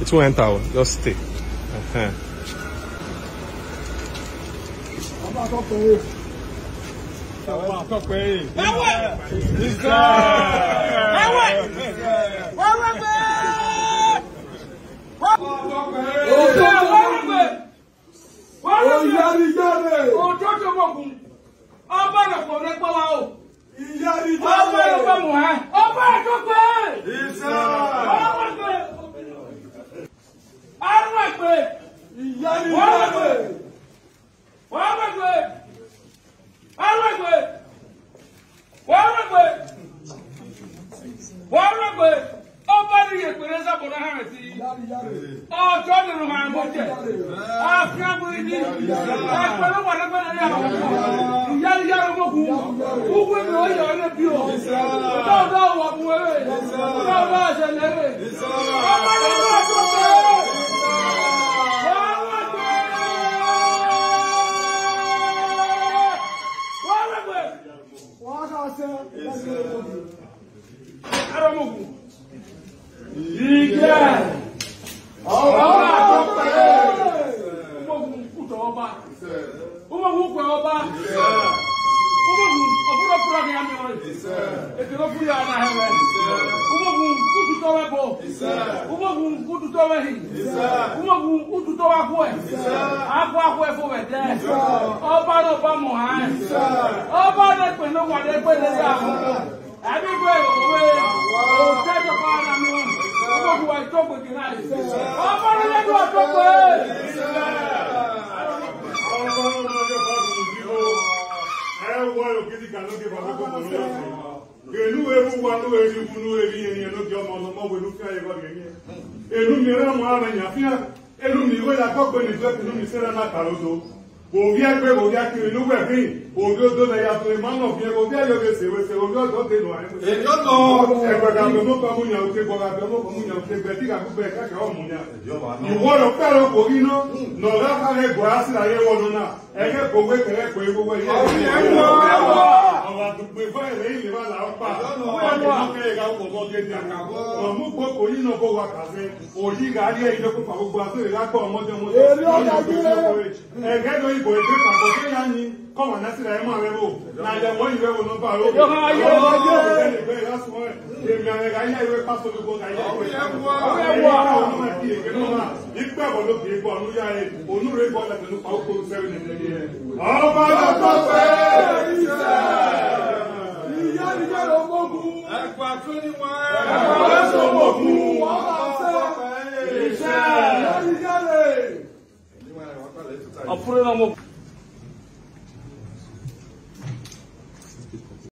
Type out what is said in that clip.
It won't enter out. Just stay. Uh -huh. Ọba nàpọ̀ nípa wa o. Ìyá rí jáde. Ọba nàpọ̀ mọ̀ ẹ́. Ọba àkọ́kọ́ ẹ̀. Ìṣẹ́. wọ́ọ́rọ́ pé ó bá ní ìyèpèrè sábòrò hàn sí i ọjọ́ nínú hàn mọ́ jẹ́ àfihàn bóyá ní ẹgbẹ́rún wà lẹ́gbẹ́rún yà wọ́n ìyáni yàrá mọ́kù kúkú ni ó yẹ ọ́ lẹ́bi o tó bá wà mú eré tó bá umagu kweoba umagu obudo kurage yamiore ekero kuri ana hewe umagu ututowe bo umagu ututowe hi umagu ututowe akwe akwe akwe fobe de ọba n'ọba mọ ha ọba n'ekpe n'ọkwa n'ekpe n'ese ahụ. wa yo kiti ka no ke ba ko mo no ke nu e bu wa nu e ri bu nu e ri yen no ke mo no mo we nu ka ye ba ke ni e nu mi ra mo ara nya fi e nu Ovie pe ovia kiri lugbe fi, ovio do na yato imano fi, ovia yo de sewe se, ovio do de no ayo. Ejo no. Ẹgbẹ́ ka bẹ mo pamu nya oke gbọ́ ka bẹ mo pamu nya oke gbẹ ti ka gbẹ ka kẹ ọmu nya. Ìwọ lọ pẹ́ lọ kò rí náà, nà ọ̀rẹ́ afárẹ́ gbọ́ á sí ayé wọnú náà, ẹgbẹ́ kò gbé kẹ̀kẹ́ kò é gbogbo ẹ̀yẹ. Ọ̀rẹ́ ẹ̀ ń wọ àdúgbò ìfọyẹ̀lẹ̀ ìlera là ń pa wọ́n wà kẹ́yẹ̀ká ọ̀pọ̀ gẹ́gẹ́ ọ̀mú gbogbo yìí náà bó wa kàṣẹ òyì ìrárí ẹ̀yìn lókun fà gbogbo àti ìrágbọ́ ọmọdé ọmọdé ẹ̀gẹ́ ló ìbò èdè pàtó kí yá ni kọ́mọ̀ náà sílẹ̀ ẹ̀mọ́ rẹ wò nàìjà wọ́n ìwé wò ló bá rò ọmọ ayé ìgbẹ́ ìlàsùn ẹ̀ èmi àrẹ̀gà ayé ìwé pásọ gbogbo ayé ìwé ọmọ ẹ̀kí èké ló máa ìgbẹ́ ọ̀lọ́kì ẹ̀kọ́ ọ̀nú yá ẹ̀ onúrẹ́ bọ́ọ̀lù àtẹnupá ó kó sẹ́rìn ẹ̀ ọba lọ́tọ́ 앞으로는 뭐